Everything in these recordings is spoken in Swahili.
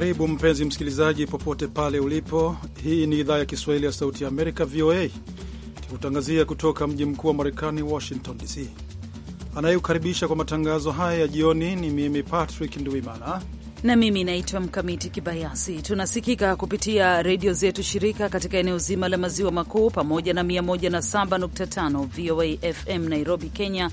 Karibu mpenzi msikilizaji, popote pale ulipo. Hii ni idhaa ya Kiswahili ya Sauti ya Amerika, VOA, kikutangazia kutoka mji mkuu wa Marekani, Washington DC. Anayekukaribisha kwa matangazo haya ya jioni ni mimi Patrick Ndwimana na mimi naitwa Mkamiti Kibayasi. Tunasikika kupitia redio zetu shirika katika eneo zima la maziwa makuu pamoja na 107.5 VOA FM Nairobi, Kenya,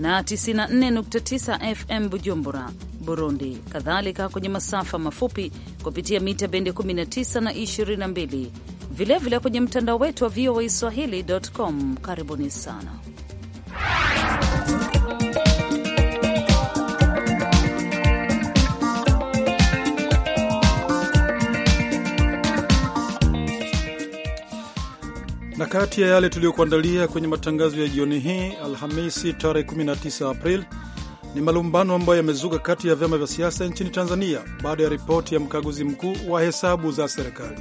na 94.9 FM Bujumbura, Burundi, kadhalika kwenye masafa mafupi kupitia mita bendi 19 na 22, vilevile kwenye mtandao wetu wa VOA Swahili.com. Karibuni sana. na kati ya yale tuliyokuandalia kwenye matangazo ya jioni hii Alhamisi tarehe 19 Aprili ni malumbano ambayo yamezuka kati ya vyama vya siasa nchini Tanzania baada ya ripoti ya mkaguzi mkuu wa hesabu za serikali.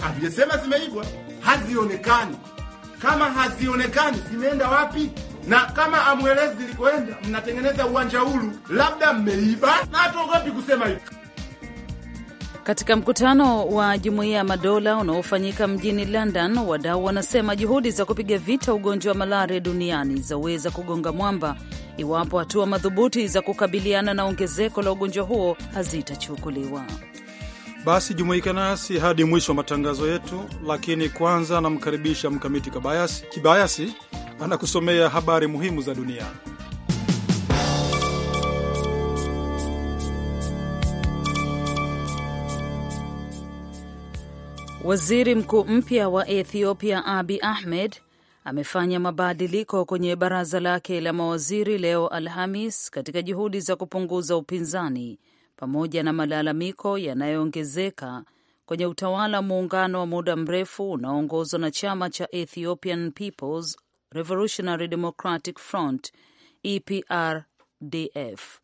Havijasema zimeibwa, hazionekani. Kama hazionekani zimeenda wapi? Na kama amwelezi zilikoenda, mnatengeneza uwanja hulu labda mmeiba, na hatuogopi kusema hivyo. Katika mkutano wa Jumuiya ya Madola unaofanyika mjini London, wadau wanasema juhudi za kupiga vita ugonjwa wa malaria duniani zaweza kugonga mwamba iwapo hatua madhubuti za kukabiliana na ongezeko la ugonjwa huo hazitachukuliwa. Basi jumuika nasi hadi mwisho wa matangazo yetu, lakini kwanza anamkaribisha Mkamiti Kibayasi anakusomea habari muhimu za dunia. Waziri mkuu mpya wa Ethiopia Abi Ahmed amefanya mabadiliko kwenye baraza lake la mawaziri leo Alhamis, katika juhudi za kupunguza upinzani pamoja na malalamiko yanayoongezeka kwenye utawala muungano wa muda mrefu unaoongozwa na chama cha Ethiopian Peoples Revolutionary Democratic Front EPRDF.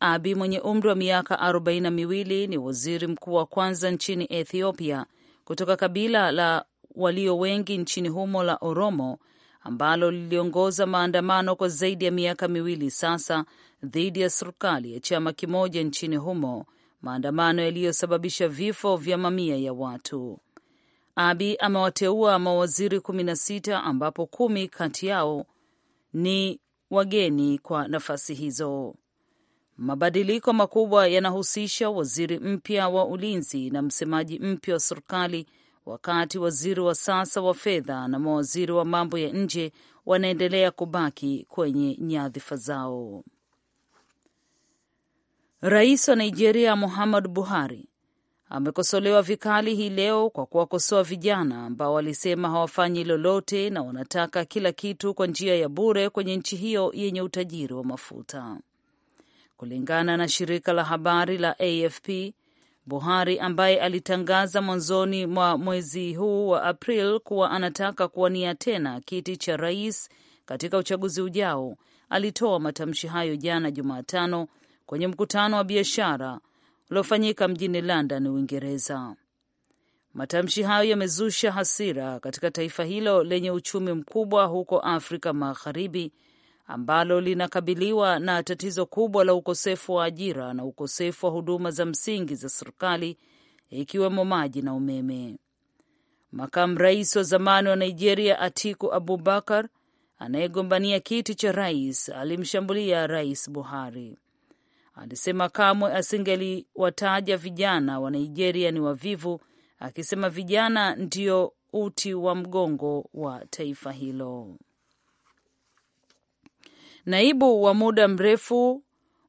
Abi mwenye umri wa miaka arobaini na miwili ni waziri mkuu wa kwanza nchini Ethiopia kutoka kabila la walio wengi nchini humo la Oromo ambalo liliongoza maandamano kwa zaidi ya miaka miwili sasa dhidi ya serikali ya chama kimoja nchini humo, maandamano yaliyosababisha vifo vya mamia ya watu. Abi amewateua mawaziri kumi na sita ambapo kumi kati yao ni wageni kwa nafasi hizo. Mabadiliko makubwa yanahusisha waziri mpya wa ulinzi na msemaji mpya wa serikali, wakati waziri wa sasa wa fedha na mawaziri wa mambo ya nje wanaendelea kubaki kwenye nyadhifa zao. Rais wa Nigeria Muhammadu Buhari amekosolewa vikali hii leo kwa kuwakosoa vijana ambao walisema hawafanyi lolote na wanataka kila kitu kwa njia ya bure kwenye nchi hiyo yenye utajiri wa mafuta kulingana na shirika la habari la AFP. Buhari ambaye alitangaza mwanzoni mwa mwezi huu wa April kuwa anataka kuwania tena kiti cha rais katika uchaguzi ujao, alitoa matamshi hayo jana Jumatano kwenye mkutano wa biashara uliofanyika mjini London, Uingereza. Matamshi hayo yamezusha hasira katika taifa hilo lenye uchumi mkubwa huko Afrika Magharibi ambalo linakabiliwa na tatizo kubwa la ukosefu wa ajira na ukosefu wa huduma za msingi za serikali ikiwemo maji na umeme. Makamu rais wa zamani wa Nigeria Atiku Abubakar anayegombania kiti cha rais alimshambulia Rais Buhari. Alisema kamwe asingeliwataja vijana wa Nigeria ni wavivu, akisema vijana ndio uti wa mgongo wa taifa hilo naibu wa muda mrefu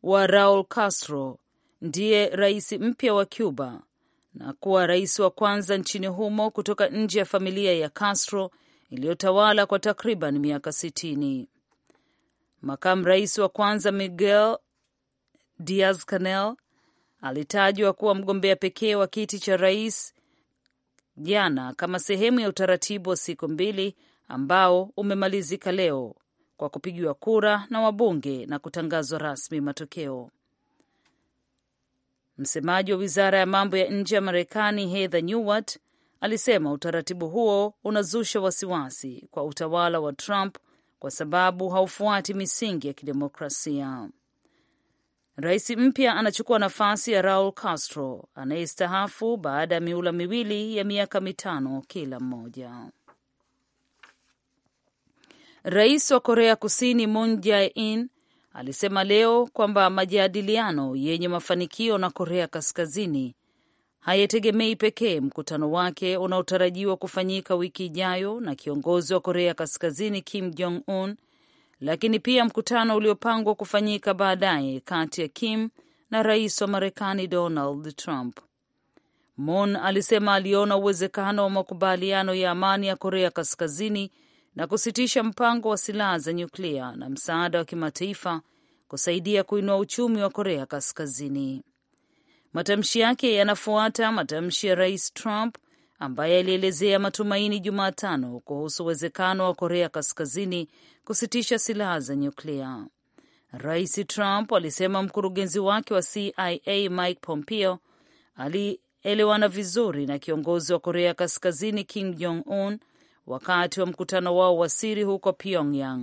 wa Raul Castro ndiye rais mpya wa Cuba na kuwa rais wa kwanza nchini humo kutoka nje ya familia ya Castro iliyotawala kwa takriban miaka sitini. Makamu rais wa kwanza Miguel Diaz Canel alitajwa kuwa mgombea pekee wa kiti cha rais jana, kama sehemu ya utaratibu wa siku mbili ambao umemalizika leo kwa kupigiwa kura na wabunge na kutangazwa rasmi matokeo. Msemaji wa wizara ya mambo ya nje ya Marekani Heather Nauert alisema utaratibu huo unazusha wasiwasi kwa utawala wa Trump kwa sababu haufuati misingi ya kidemokrasia. Rais mpya anachukua nafasi ya Raul Castro anayestahafu baada ya miula miwili ya miaka mitano kila mmoja. Rais wa Korea Kusini Moon Jae-in alisema leo kwamba majadiliano yenye mafanikio na Korea Kaskazini hayategemei pekee mkutano wake unaotarajiwa kufanyika wiki ijayo na kiongozi wa Korea Kaskazini Kim Jong Un, lakini pia mkutano uliopangwa kufanyika baadaye kati ya Kim na rais wa Marekani Donald Trump. Moon alisema aliona uwezekano wa makubaliano ya amani ya Korea Kaskazini na kusitisha mpango wa silaha za nyuklia na msaada wa kimataifa kusaidia kuinua uchumi wa Korea Kaskazini. Matamshi yake yanafuata matamshi ya Rais Trump ambaye alielezea matumaini Jumatano kuhusu uwezekano wa Korea Kaskazini kusitisha silaha za nyuklia. Rais Trump alisema mkurugenzi wake wa CIA Mike Pompeo alielewana vizuri na kiongozi wa Korea Kaskazini Kim Jong Un wakati wa mkutano wao wa siri huko Pyongyang.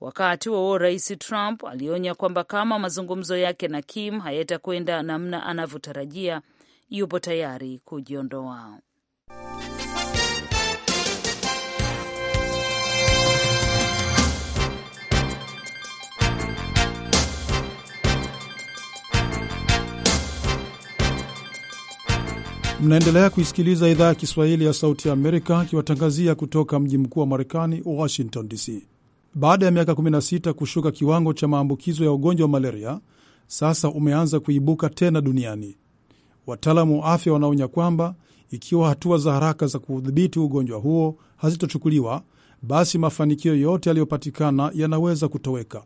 Wakati huo Rais Trump alionya kwamba kama mazungumzo yake na Kim hayatakwenda namna anavyotarajia, yupo tayari kujiondoa. Mnaendelea kuisikiliza idhaa ya Kiswahili ya Sauti ya Amerika ikiwatangazia kutoka mji mkuu wa Marekani, Washington DC. Baada ya miaka 16 kushuka kiwango cha maambukizo ya ugonjwa wa malaria, sasa umeanza kuibuka tena duniani. Wataalamu wa afya wanaonya kwamba ikiwa hatua za haraka za kudhibiti ugonjwa huo hazitochukuliwa, basi mafanikio yote yaliyopatikana yanaweza kutoweka.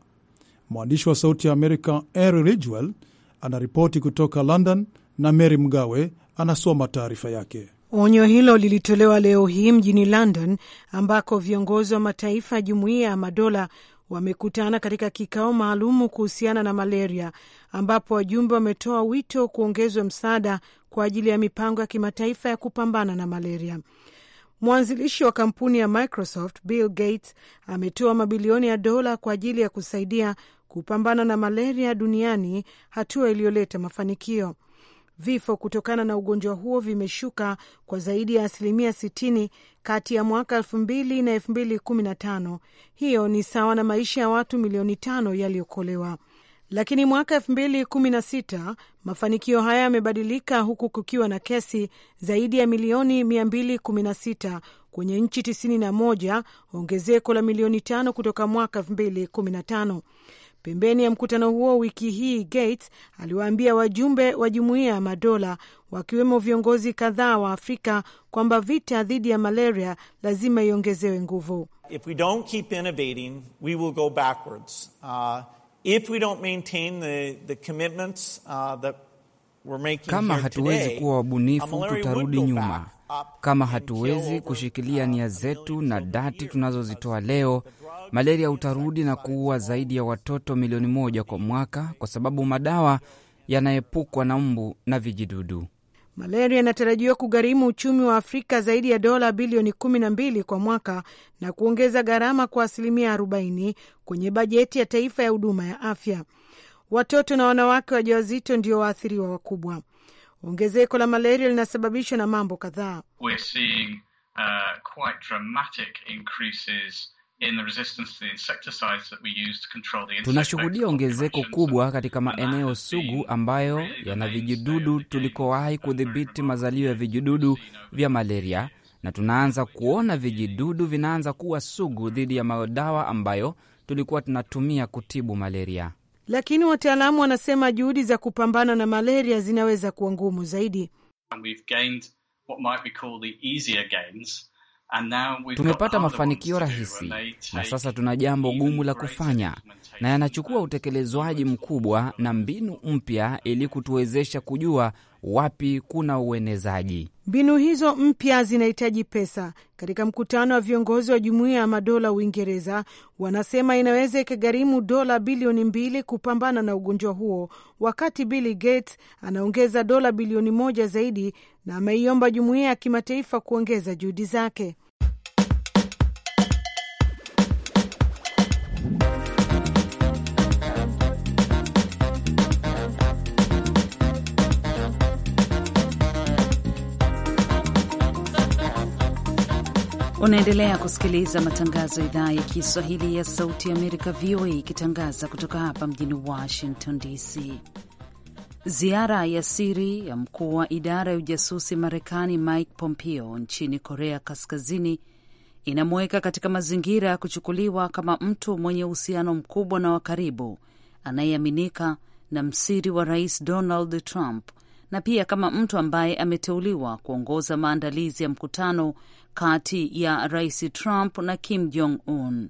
Mwandishi wa Sauti ya Amerika Ery Ridgewell anaripoti kutoka London na Mary Mgawe anasoma taarifa yake. Onyo hilo lilitolewa leo hii mjini London ambako viongozi wa mataifa ya jumuiya ya madola wamekutana katika kikao maalumu kuhusiana na malaria ambapo wajumbe wametoa wito kuongezwa msaada kwa ajili ya mipango ya kimataifa ya kupambana na malaria. Mwanzilishi wa kampuni ya Microsoft Bill Gates ametoa mabilioni ya dola kwa ajili ya kusaidia kupambana na malaria duniani, hatua iliyoleta mafanikio vifo kutokana na ugonjwa huo vimeshuka kwa zaidi ya asilimia 60 kati ya mwaka 2000 na 2015. Hiyo ni sawa na maisha ya watu milioni tano yaliyokolewa. Lakini mwaka 2016 mafanikio haya yamebadilika, huku kukiwa na kesi zaidi ya milioni 216 kwenye nchi 91, ongezeko la milioni tano kutoka mwaka 2015. Pembeni ya mkutano huo wiki hii, Gates aliwaambia wajumbe wa Jumuiya ya Madola wakiwemo viongozi kadhaa wa Afrika kwamba vita dhidi ya malaria lazima iongezewe nguvu. Kama hatuwezi kuwa wabunifu, tutarudi nyuma. Kama hatuwezi kushikilia nia zetu na dati tunazozitoa leo, malaria utarudi na kuua zaidi ya watoto milioni moja kwa mwaka, kwa sababu madawa yanaepukwa na mbu na vijidudu. Malaria inatarajiwa kugharimu uchumi wa Afrika zaidi ya dola bilioni kumi na mbili kwa mwaka na kuongeza gharama kwa asilimia arobaini kwenye bajeti ya taifa ya huduma ya afya. Watoto na wanawake wajawazito ndio waathiriwa wakubwa. Ongezeko la malaria linasababishwa na mambo kadhaa. Tunashuhudia ongezeko kubwa katika maeneo sugu ambayo yana vijidudu tulikowahi kudhibiti mazalio ya vijidudu vya malaria, na tunaanza kuona vijidudu vinaanza kuwa sugu dhidi ya madawa ambayo tulikuwa tunatumia kutibu malaria lakini wataalamu wanasema juhudi za kupambana na malaria zinaweza kuwa ngumu zaidi. Tumepata mafanikio rahisi na sasa tuna jambo gumu la kufanya, na yanachukua utekelezwaji mkubwa na mbinu mpya ili kutuwezesha kujua wapi kuna uenezaji. Mbinu hizo mpya zinahitaji pesa. Katika mkutano wa viongozi wa jumuiya ya madola Uingereza wanasema inaweza ikagharimu dola bilioni mbili kupambana na ugonjwa huo, wakati Bill Gates anaongeza dola bilioni moja zaidi na ameiomba jumuiya ya kimataifa kuongeza juhudi zake. Unaendelea kusikiliza matangazo ya idhaa ya Kiswahili ya Sauti ya Amerika, VOA, ikitangaza kutoka hapa mjini Washington DC. Ziara ya siri ya mkuu wa idara ya ujasusi Marekani Mike Pompeo nchini Korea Kaskazini inamuweka katika mazingira ya kuchukuliwa kama mtu mwenye uhusiano mkubwa na wa karibu anayeaminika na msiri wa rais Donald Trump na pia kama mtu ambaye ameteuliwa kuongoza maandalizi ya mkutano kati ya Rais Trump na Kim Jong Un.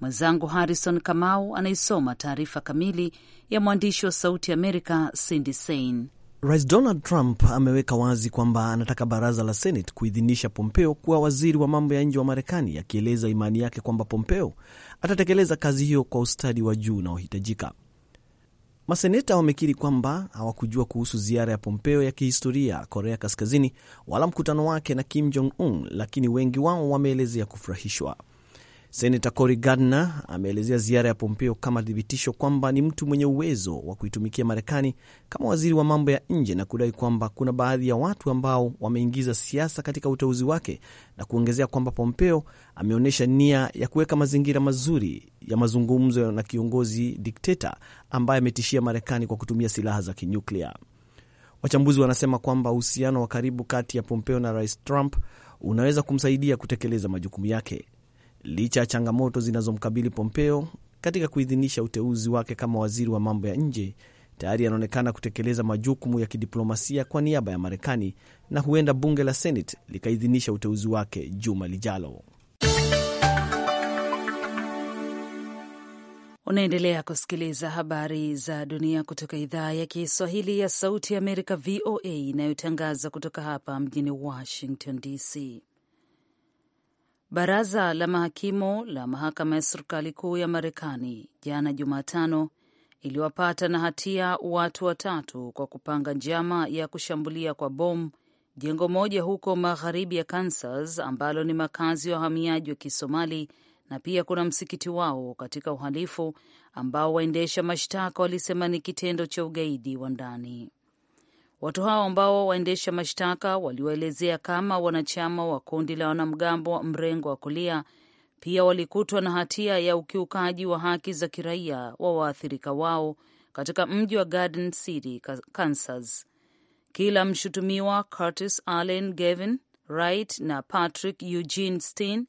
Mwenzangu Harrison Kamau anaisoma taarifa kamili ya mwandishi wa Sauti Amerika Cindy Sein. Rais Donald Trump ameweka wazi kwamba anataka baraza la Senate kuidhinisha Pompeo kuwa waziri wa mambo ya nje wa Marekani, akieleza imani yake kwamba Pompeo atatekeleza kazi hiyo kwa ustadi wa juu unaohitajika. Maseneta wamekiri kwamba hawakujua kuhusu ziara ya Pompeo ya kihistoria Korea Kaskazini wala mkutano wake na Kim Jong Un, lakini wengi wao wameelezea kufurahishwa. Senata Cory Gardner ameelezea ziara ya Pompeo kama thibitisho kwamba ni mtu mwenye uwezo wa kuitumikia Marekani kama waziri wa mambo ya nje na kudai kwamba kuna baadhi ya watu ambao wameingiza siasa katika uteuzi wake na kuongezea kwamba Pompeo ameonyesha nia ya kuweka mazingira mazuri ya mazungumzo na kiongozi dikteta ambaye ametishia Marekani kwa kutumia silaha za kinyuklia. Wachambuzi wanasema kwamba uhusiano wa karibu kati ya Pompeo na Rais Trump unaweza kumsaidia kutekeleza majukumu yake licha ya changamoto zinazomkabili Pompeo katika kuidhinisha uteuzi wake kama waziri wa mambo ya nje. Tayari anaonekana kutekeleza majukumu ya kidiplomasia kwa niaba ya Marekani na huenda bunge la Senate likaidhinisha uteuzi wake juma lijalo. Unaendelea kusikiliza habari za dunia kutoka idhaa ya Kiswahili ya Sauti ya Amerika, VOA, inayotangaza kutoka hapa mjini Washington DC. Baraza la mahakimu la mahakama ya serikali kuu ya Marekani jana Jumatano iliwapata na hatia watu watatu kwa kupanga njama ya kushambulia kwa bomu jengo moja huko magharibi ya Kansas ambalo ni makazi ya wa wahamiaji wa Kisomali na pia kuna msikiti wao katika uhalifu ambao waendesha mashtaka walisema ni kitendo cha ugaidi wa ndani. Watu hao ambao waendesha mashtaka waliwaelezea kama wanachama wa kundi la wanamgambo wa mrengo wa kulia pia walikutwa na hatia ya ukiukaji wa haki za kiraia wa waathirika wao katika mji wa Garden City, Kansas. Kila mshutumiwa Curtis Allen Gavin Wright na Patrick Eugene stein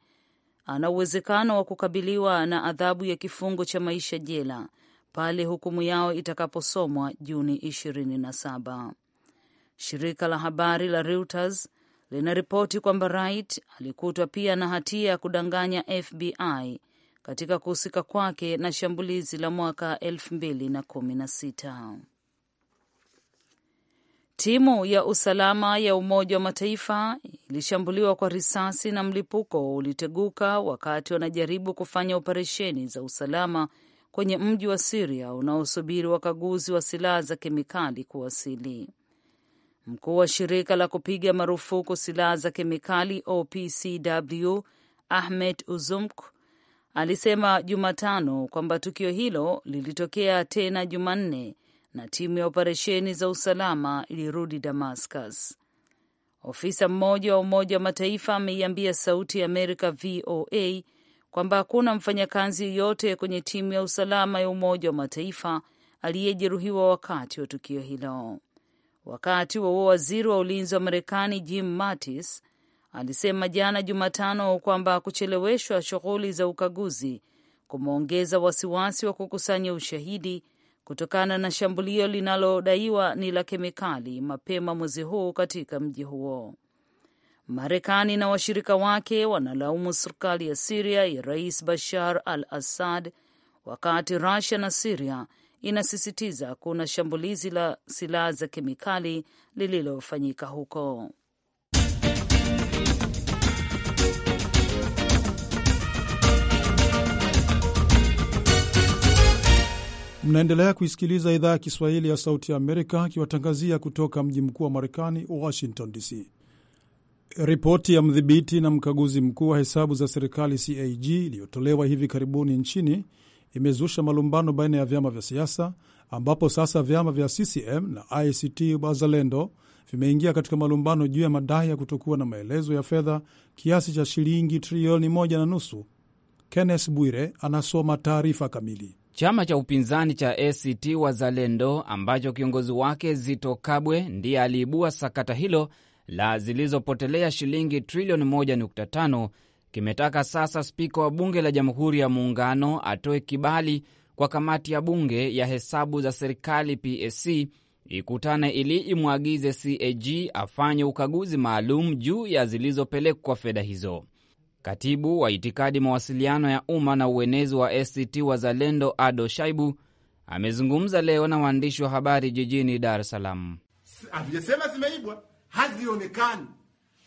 ana uwezekano wa kukabiliwa na adhabu ya kifungo cha maisha jela pale hukumu yao itakaposomwa Juni 27. Shirika la habari la Reuters linaripoti kwamba Wright alikutwa pia na hatia ya kudanganya FBI katika kuhusika kwake na shambulizi la mwaka 2016. Timu ya usalama ya Umoja wa Mataifa ilishambuliwa kwa risasi na mlipuko uliteguka wakati wanajaribu kufanya operesheni za usalama kwenye mji wa Siria unaosubiri wakaguzi wa silaha za kemikali kuwasili. Mkuu wa shirika la kupiga marufuku silaha za kemikali OPCW Ahmed uzumk alisema Jumatano kwamba tukio hilo lilitokea tena Jumanne na timu ya operesheni za usalama ilirudi Damascus. Ofisa mmoja wa Umoja wa Mataifa ameiambia Sauti ya Amerika VOA kwamba hakuna mfanyakazi yeyote kwenye timu ya usalama ya Umoja wa Mataifa aliyejeruhiwa wakati wa tukio hilo. Wakati wauo waziri wa ulinzi wa Marekani Jim Mattis alisema jana Jumatano kwamba kucheleweshwa shughuli za ukaguzi kumeongeza wasiwasi wa kukusanya ushahidi kutokana na shambulio linalodaiwa ni la kemikali mapema mwezi huu katika mji huo. Marekani na washirika wake wanalaumu serikali ya Siria ya Rais Bashar al Assad, wakati Rusia na Siria inasisitiza kuna shambulizi la silaha za kemikali lililofanyika huko. Mnaendelea kuisikiliza idhaa ya Kiswahili ya Sauti ya Amerika akiwatangazia kutoka mji mkuu wa Marekani, Washington DC. Ripoti ya mdhibiti na mkaguzi mkuu wa hesabu za serikali CAG iliyotolewa hivi karibuni nchini imezusha malumbano baina ya vyama vya siasa, ambapo sasa vyama vya CCM na ACT Wazalendo vimeingia katika malumbano juu ya madai ya kutokuwa na maelezo ya fedha kiasi cha shilingi trilioni moja na nusu. Kenneth Bwire anasoma taarifa kamili. Chama cha upinzani cha ACT Wazalendo ambacho kiongozi wake Zito Kabwe ndiye aliibua sakata hilo la zilizopotelea shilingi trilioni 1.5 kimetaka sasa spika wa bunge la Jamhuri ya Muungano atoe kibali kwa kamati ya bunge ya hesabu za serikali PSC ikutane ili imwagize CAG afanye ukaguzi maalum juu ya zilizopelekwa fedha hizo. Katibu wa itikadi, mawasiliano ya umma na uenezi wa ACT Wazalendo Ado Shaibu amezungumza leo na waandishi wa habari jijini Dar es Salaam. Hatujasema zimeibwa, hazionekani.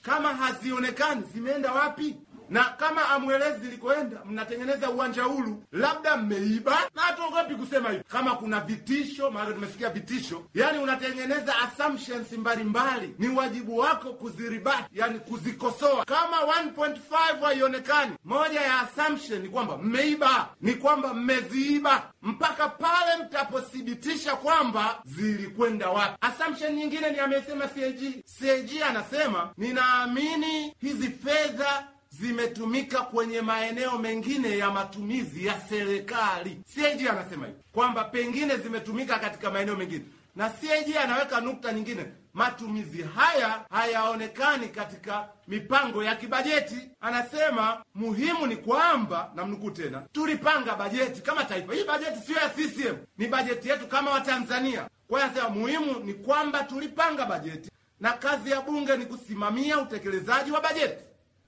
Kama hazionekani, zimeenda wapi? na kama amwelezi zilikoenda, mnatengeneza uwanja hulu labda mmeiba, na hatuogopi kusema hivi Kama kuna vitisho, maana tumesikia vitisho, yani unatengeneza assumptions mbalimbali, ni wajibu wako kuziribati, yani kuzikosoa. Kama 1.5 haionekani, moja ya assumption ni kwamba mmeiba, ni kwamba mmeziiba, mpaka pale mtapothibitisha kwamba zilikwenda wapi. Assumption nyingine ni amesema CAG. CAG anasema ninaamini hizi fedha zimetumika kwenye maeneo mengine ya matumizi ya serikali. CAG anasema hivi kwamba pengine zimetumika katika maeneo mengine, na CAG anaweka nukta nyingine matumizi haya hayaonekani katika mipango ya kibajeti. Anasema muhimu ni kwamba, namnukuu tena, tulipanga bajeti kama taifa. Hii bajeti siyo ya CCM, ni bajeti yetu kama Watanzania. Kwa hiyo anasema muhimu ni kwamba tulipanga bajeti na kazi ya bunge ni kusimamia utekelezaji wa bajeti.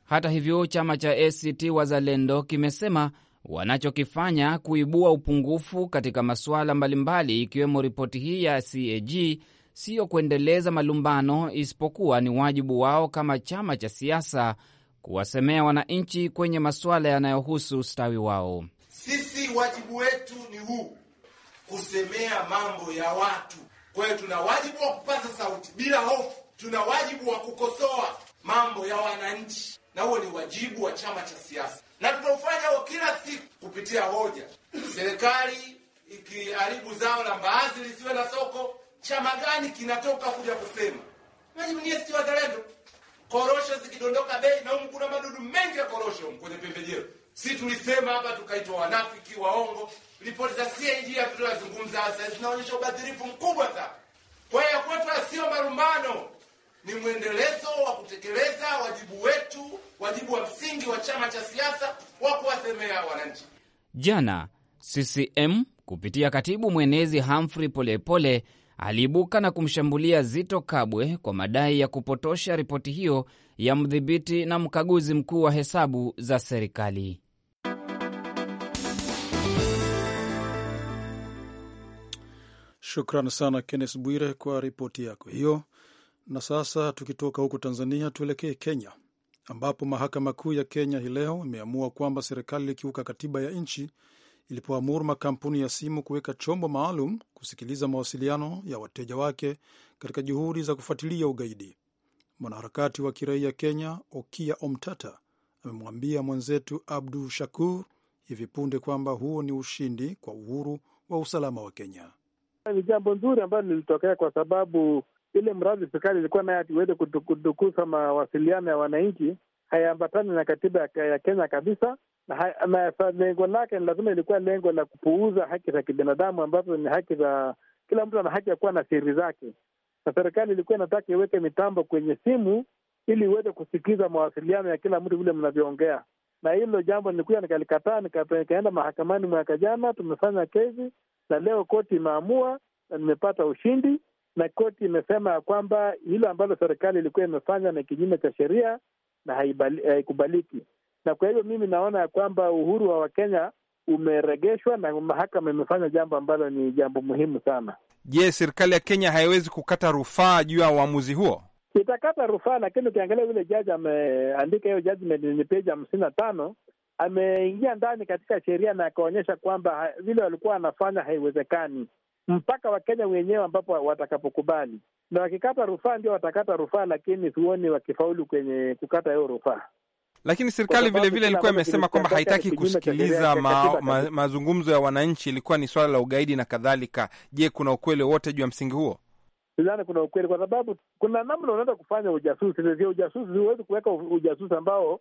Hata hivyo, chama cha ACT Wazalendo kimesema wanachokifanya kuibua upungufu katika masuala mbalimbali ikiwemo ripoti hii ya CAG siyo kuendeleza malumbano, isipokuwa ni wajibu wao kama chama cha siasa kuwasemea wananchi kwenye masuala yanayohusu ustawi wao. Sisi wajibu wetu ni huu, kusemea mambo ya watu. Kwa hiyo tuna wajibu wa kupaza sauti bila hofu, tuna wajibu wa kukosoa mambo ya wananchi na huo ni wajibu wa chama cha siasa, na tutaufanya huo kila siku kupitia hoja. Serikali ikiharibu zao la mbaazi lisiwe na soko, chama gani kinatoka kuja kusema najimnie si wazalendo? Korosho zikidondoka bei, na humu kuna madudu mengi ya korosho kwenye pembejeo. Si tulisema hapa tukaitwa wanafiki, waongo. Ripoti za CAG hatutazungumza, hasa zinaonyesha ubadhirifu mkubwa sana. Kwa hiyo kwetu sio marumbano ni mwendelezo wa kutekeleza wajibu wetu, wajibu wa msingi wa chama cha siasa wa kuwasemea wananchi. Jana CCM kupitia katibu mwenezi Humphrey Polepole aliibuka na kumshambulia Zito Kabwe kwa madai ya kupotosha ripoti hiyo ya mdhibiti na mkaguzi mkuu wa hesabu za serikali. Shukran sana Kennes Bwire kwa ripoti yako hiyo. Na sasa tukitoka huko Tanzania tuelekee Kenya, ambapo mahakama kuu ya Kenya hii leo imeamua kwamba serikali ilikiuka katiba ya nchi ilipoamuru makampuni ya simu kuweka chombo maalum kusikiliza mawasiliano ya wateja wake katika juhudi za kufuatilia ugaidi. Mwanaharakati wa kiraia Kenya, Okia Omtata, amemwambia mwenzetu Abdu Shakur hivi punde kwamba huo ni ushindi kwa uhuru wa usalama wa Kenya. Ni jambo nzuri ambalo lilitokea kwa sababu ile mradi serikali ilikuwa naye ati iweze kudukuza mawasiliano ya wananchi haiambatani na katiba ya Kenya kabisa, na lengo lake lazima ilikuwa lengo la kupuuza haki za kibinadamu ambazo ni haki za kila mtu, ana haki ya kuwa na siri zake, na serikali ilikuwa inataka iweke mitambo kwenye simu ili iweze kusikiza mawasiliano ya kila mtu vile mnavyoongea. Na hilo jambo nilikuja nikalikataa, nikaenda mahakamani mwaka jana, tumefanya kesi na leo koti imeamua na nimepata ushindi na koti imesema ya kwamba hilo ambalo serikali ilikuwa imefanya ni kinyume cha sheria na haikubaliki. Na kwa hivyo mimi naona ya kwamba uhuru wa Wakenya umeregeshwa na mahakama imefanya jambo ambalo ni jambo muhimu sana. Je, serikali ya Kenya haiwezi kukata rufaa juu ya uamuzi huo? Itakata rufaa, lakini ukiangalia vile jaji ameandika hiyo judgment ni peji hamsini na tano ameingia ndani katika sheria na akaonyesha kwamba vile walikuwa wanafanya haiwezekani mpaka Wakenya wenyewe ambapo watakapokubali, na wakikata rufaa ndio watakata rufaa, lakini sioni wakifaulu kwenye kukata hiyo rufaa. Lakini serikali vilevile ilikuwa imesema kwamba haitaki kusikiliza ma, ma, mazungumzo ya wananchi, ilikuwa ni swala la ugaidi na kadhalika. Je, kuna ukweli wowote juu ya msingi huo? Sidhani kuna ukweli, kwa sababu kuna namna unaweza kufanya ujasusi. Ujasusi huwezi kuweka ujasusi ambao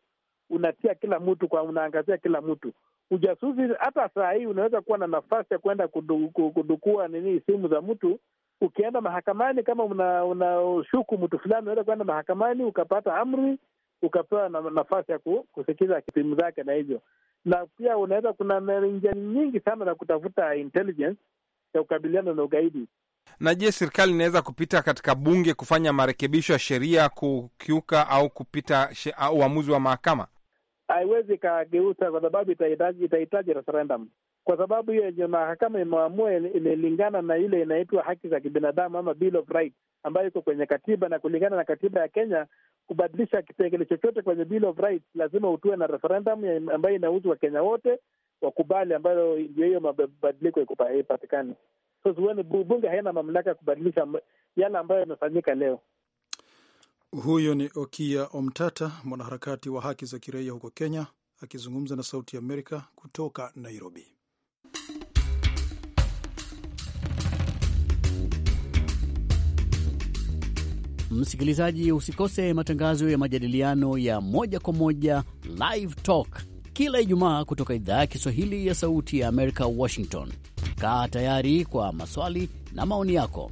unatia kila mtu kwa, unaangazia kila mtu ujasusi. Hata saa hii unaweza kuwa na nafasi ya kuenda kudukua nini simu za mtu. Ukienda mahakamani kama unashuku una mtu fulani, unaweza kuenda mahakamani ukapata amri, ukapewa na, nafasi ya kusikiza simu zake na hivyo na pia unaweza, kuna njia nyingi sana za kutafuta intelligence ya kukabiliana na ugaidi. Na je, serikali inaweza kupita katika bunge kufanya marekebisho ya sheria kukiuka au kupita uamuzi wa mahakama? haiwezi ikageuza, kwa sababu itahitaji itahitaji referendum, kwa sababu hiyo yenye mahakama imeamua imelingana na ile inaitwa haki za kibinadamu ama Bill of Rights ambayo iko kwenye katiba, na kulingana na katiba ya Kenya kubadilisha kipengele chochote kwenye Bill of Rights lazima utue na referendum ambayo inahusu Wakenya wote wakubali, ambayo ndio hiyo mabadiliko ipatikane. So bunge haina mamlaka ya kubadilisha yale ambayo yamefanyika leo. Huyo ni Okia Omtata, mwanaharakati wa haki za kiraia huko Kenya, akizungumza na Sauti ya Amerika kutoka Nairobi. Msikilizaji, usikose matangazo ya majadiliano ya moja kwa moja, Live Talk, kila Ijumaa kutoka idhaa ya Kiswahili ya Sauti ya Amerika, Washington. Kaa tayari kwa maswali na maoni yako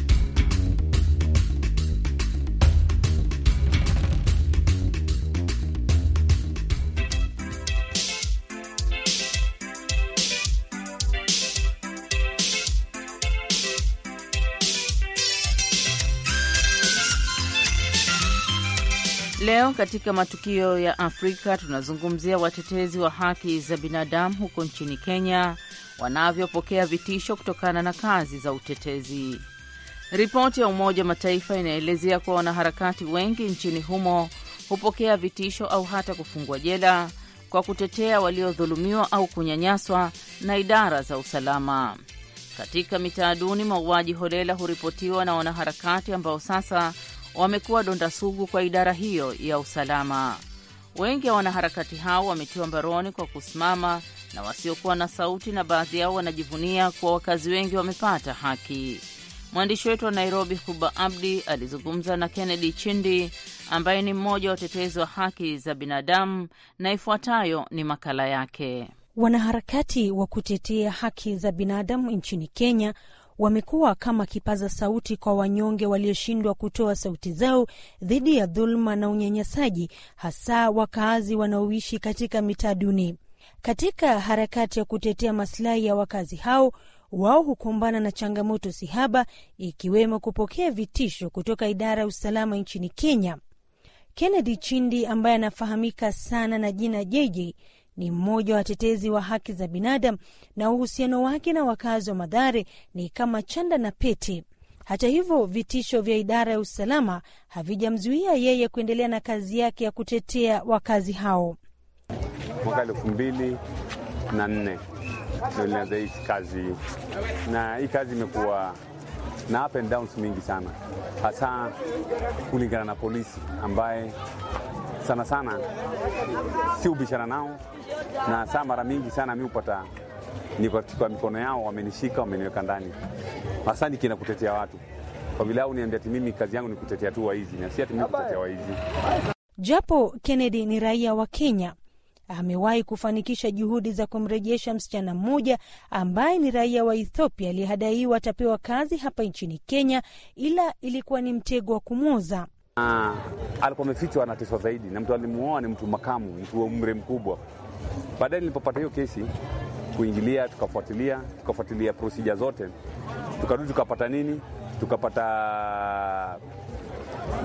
Leo katika matukio ya Afrika tunazungumzia watetezi wa haki za binadamu huko nchini Kenya wanavyopokea vitisho kutokana na kazi za utetezi. Ripoti ya Umoja Mataifa inaelezea kuwa wanaharakati wengi nchini humo hupokea vitisho au hata kufungwa jela kwa kutetea waliodhulumiwa au kunyanyaswa na idara za usalama. Katika mitaa duni, mauaji holela huripotiwa na wanaharakati ambao sasa wamekuwa donda sugu kwa idara hiyo ya usalama. Wengi wa wanaharakati hao wametiwa mbaroni kwa kusimama na wasiokuwa na sauti, na baadhi yao wanajivunia kuwa wakazi wengi wamepata haki. Mwandishi wetu wa Nairobi, Huba Abdi, alizungumza na Kennedy Chindi ambaye ni mmoja wa watetezi wa haki za binadamu, na ifuatayo ni makala yake. Wanaharakati wa kutetea haki za binadamu nchini Kenya wamekuwa kama kipaza sauti kwa wanyonge walioshindwa kutoa sauti zao dhidi ya dhuluma na unyanyasaji, hasa wakaazi wanaoishi katika mitaa duni. Katika harakati ya kutetea masilahi ya wakazi hao, wao hukumbana na changamoto sihaba, ikiwemo kupokea vitisho kutoka idara ya usalama nchini Kenya. Kennedy Chindi ambaye anafahamika sana na jina Jeje ni mmoja wa watetezi wa haki za binadamu na uhusiano wake na wakazi wa Madhare ni kama chanda na pete. Hata hivyo, vitisho vya idara ya usalama havijamzuia yeye kuendelea na kazi yake ya kutetea wakazi hao. Mwaka elfu mbili na nne ndio nilianza hii kazi, na hii kazi imekuwa na up and downs mingi sana, hasa kulingana na polisi ambaye sana sana si ubishana nao, na saa mara mingi sana mi upata ni kwa mikono yao, wamenishika wameniweka ndani, hasa nikienda kutetea watu kwa vile au niambia ati mimi kazi yangu ni kutetea tu waizi, na si ati mimi kutetea waizi. Japo Kennedy ni raia wa Kenya, amewahi kufanikisha juhudi za kumrejesha msichana mmoja ambaye ni raia wa Ethiopia aliyehadaiwa atapewa kazi hapa nchini Kenya, ila ilikuwa ni mtego wa kumwoza. alikuwa amefichwa, anateswa zaidi, na mtu alimuoa ni mtu makamu, mtu wa umri mkubwa. Baadaye nilipopata hiyo kesi kuingilia, tukafuatilia tukafuatilia prosija zote, tukarudi tukapata nini, tukapata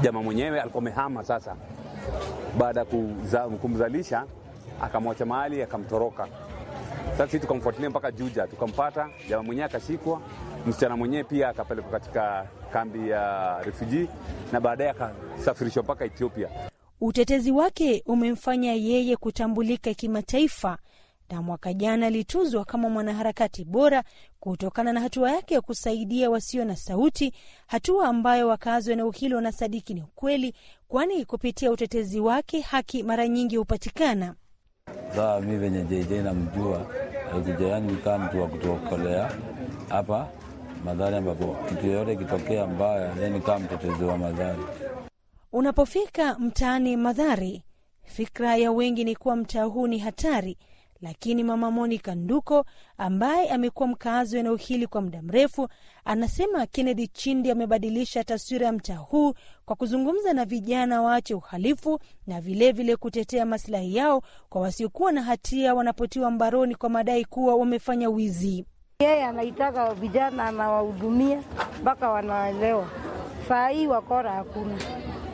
jamaa mwenyewe alikuwa amehama sasa, baada ya kumzalisha akamwacha mahali akamtoroka. Sasa sisi tukamfuatilia mpaka Juja tukampata, jamaa mwenyewe akashikwa, msichana mwenyewe pia akapelekwa katika kambi ya refuji na baadaye akasafirishwa mpaka Ethiopia. Utetezi wake umemfanya yeye kutambulika kimataifa na mwaka jana alituzwa kama mwanaharakati bora kutokana na hatua yake ya kusaidia wasio na sauti, hatua ambayo wakazi wa eneo hilo wanasadiki ni ukweli, kwani kupitia utetezi wake haki mara nyingi hupatikana. Sawa, mi venye JJ namjua alikuja, yani nikaa mtu wa kutuokolea hapa madhari, ambapo kitu yoyote kitokea mbaya, yani kaa mtetezi wa madhari. Unapofika mtaani Madhari, fikra ya wengi ni kuwa mtaa huu ni hatari lakini mama Monica Nduko ambaye amekuwa mkaazi wa eneo hili kwa muda mrefu anasema Kennedy Chindi amebadilisha taswira ya mtaa huu kwa kuzungumza na vijana waache uhalifu na vilevile vile kutetea masilahi yao kwa wasiokuwa na hatia wanapotiwa mbaroni kwa madai kuwa wamefanya wizi. Yeye anaitaka vijana anawahudumia mpaka wanaelewa. Saa hii wakora hakuna.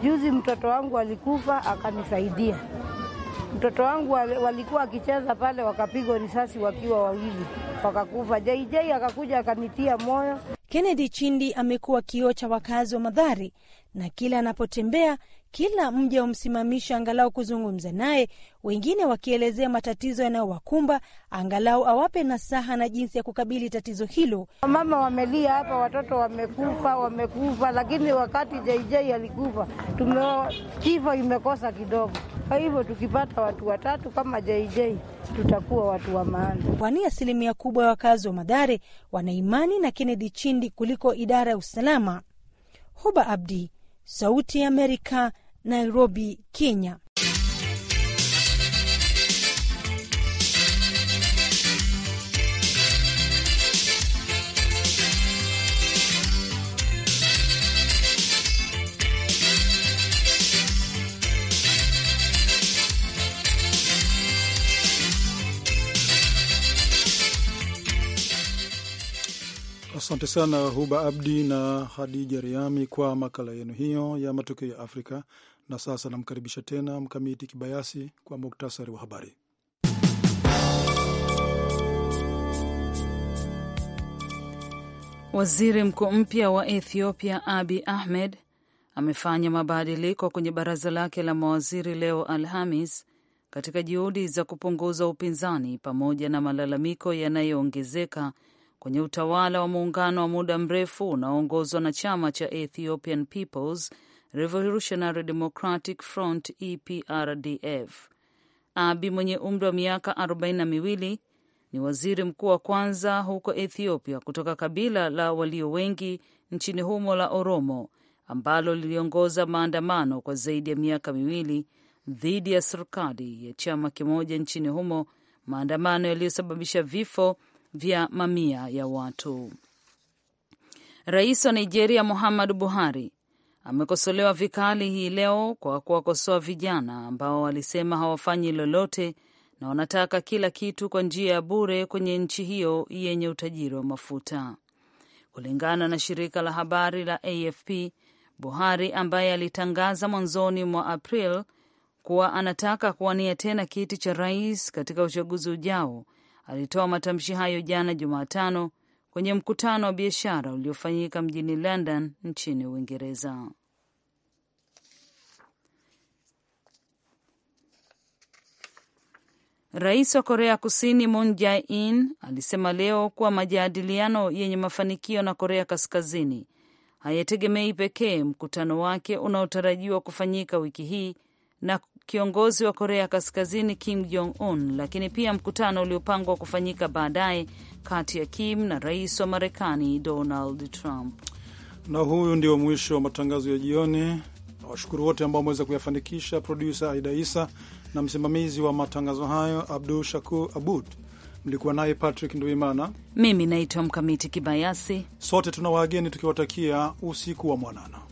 Juzi mtoto wangu alikufa akanisaidia Mtoto wangu walikuwa akicheza pale, wakapigwa risasi wakiwa wawili, wakakufa. JJ akakuja akanitia moyo. Kennedy Chindi amekuwa kioo cha wakazi wa Madhari na kila anapotembea kila mja umsimamisha angalau kuzungumza naye, wengine wakielezea matatizo yanayowakumba, angalau awape nasaha na jinsi ya kukabili tatizo hilo. Wamama wamelia hapa, watoto wamekufa, wamekufa, lakini wakati jaijai alikufa kifo imekosa kidogo. Kwa hivyo tukipata watu watatu kama jaijai tutakuwa watu wa maana, kwani asilimia kubwa ya wakazi wa Madhare wanaimani na Kennedy Chindi kuliko idara ya usalama. Huba Abdi, Sauti ya Amerika, Nairobi, Kenya. Asante sana Huba Abdi na Hadija Riami kwa makala yenu hiyo ya matukio ya Afrika. Na sasa namkaribisha tena Mkamiti Kibayasi kwa muktasari wa habari. Waziri mkuu mpya wa Ethiopia Abi Ahmed amefanya mabadiliko kwenye baraza lake la mawaziri leo Alhamis, katika juhudi za kupunguza upinzani pamoja na malalamiko yanayoongezeka kwenye utawala wa muungano wa muda mrefu unaoongozwa na chama cha Ethiopian Peoples Revolutionary Democratic Front EPRDF. Abi ah, mwenye umri wa miaka arobaini na miwili ni waziri mkuu wa kwanza huko Ethiopia kutoka kabila la walio wengi nchini humo la Oromo ambalo liliongoza maandamano kwa zaidi ya miaka miwili dhidi ya serikali ya chama kimoja nchini humo, maandamano yaliyosababisha vifo vya mamia ya watu. Rais wa Nigeria Muhammadu Buhari amekosolewa vikali hii leo kwa kuwakosoa vijana ambao walisema hawafanyi lolote na wanataka kila kitu kwa njia ya bure kwenye nchi hiyo yenye utajiri wa mafuta. Kulingana na shirika la habari la AFP, Buhari ambaye alitangaza mwanzoni mwa April kuwa anataka kuwania tena kiti cha rais katika uchaguzi ujao, alitoa matamshi hayo jana Jumatano kwenye mkutano wa biashara uliofanyika mjini London nchini Uingereza. Rais wa Korea Kusini Moon Jae-in alisema leo kuwa majadiliano yenye mafanikio na Korea Kaskazini hayategemei pekee mkutano wake unaotarajiwa kufanyika wiki hii na kiongozi wa Korea Kaskazini Kim Jong Un, lakini pia mkutano uliopangwa kufanyika baadaye kati ya Kim na rais wa Marekani Donald Trump. Na huyu ndio mwisho wa matangazo ya jioni. Nawashukuru wote ambao wameweza kuyafanikisha, produsa Aida Isa na msimamizi wa matangazo hayo Abdu Shakur Abud. Mlikuwa naye Patrick Nduimana, mimi naitwa Mkamiti Kibayasi. Sote tuna wageni tukiwatakia usiku wa mwanana.